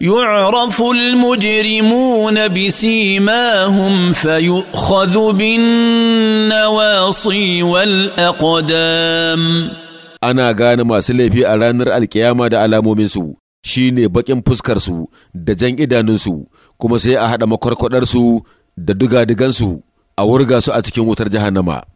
يعرف المجرمون بسيماهم فيؤخذ بالنواصي والأقدام ana gane masu laifi a ranar alkiyama da alamominsu shi ne baƙin fuskarsu da jan idanunsu kuma sai a haɗa makwarkwadarsu da duga a wurga su a cikin wutar jahannama.